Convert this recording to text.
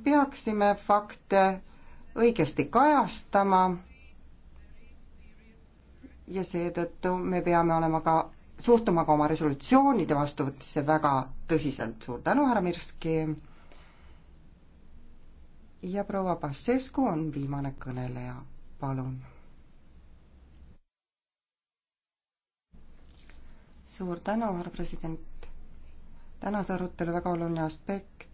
peaksime fakte õigesti kajastama ja seetõttu me peame olema ka, suhtuma ka oma resolutsioonide vastuvõtmisse väga tõsiselt. suur tänu, härra Mirski. ja proua Bassescu on viimane kõneleja, palun. suur tänu, härra president. tänase arutelu väga oluline aspekt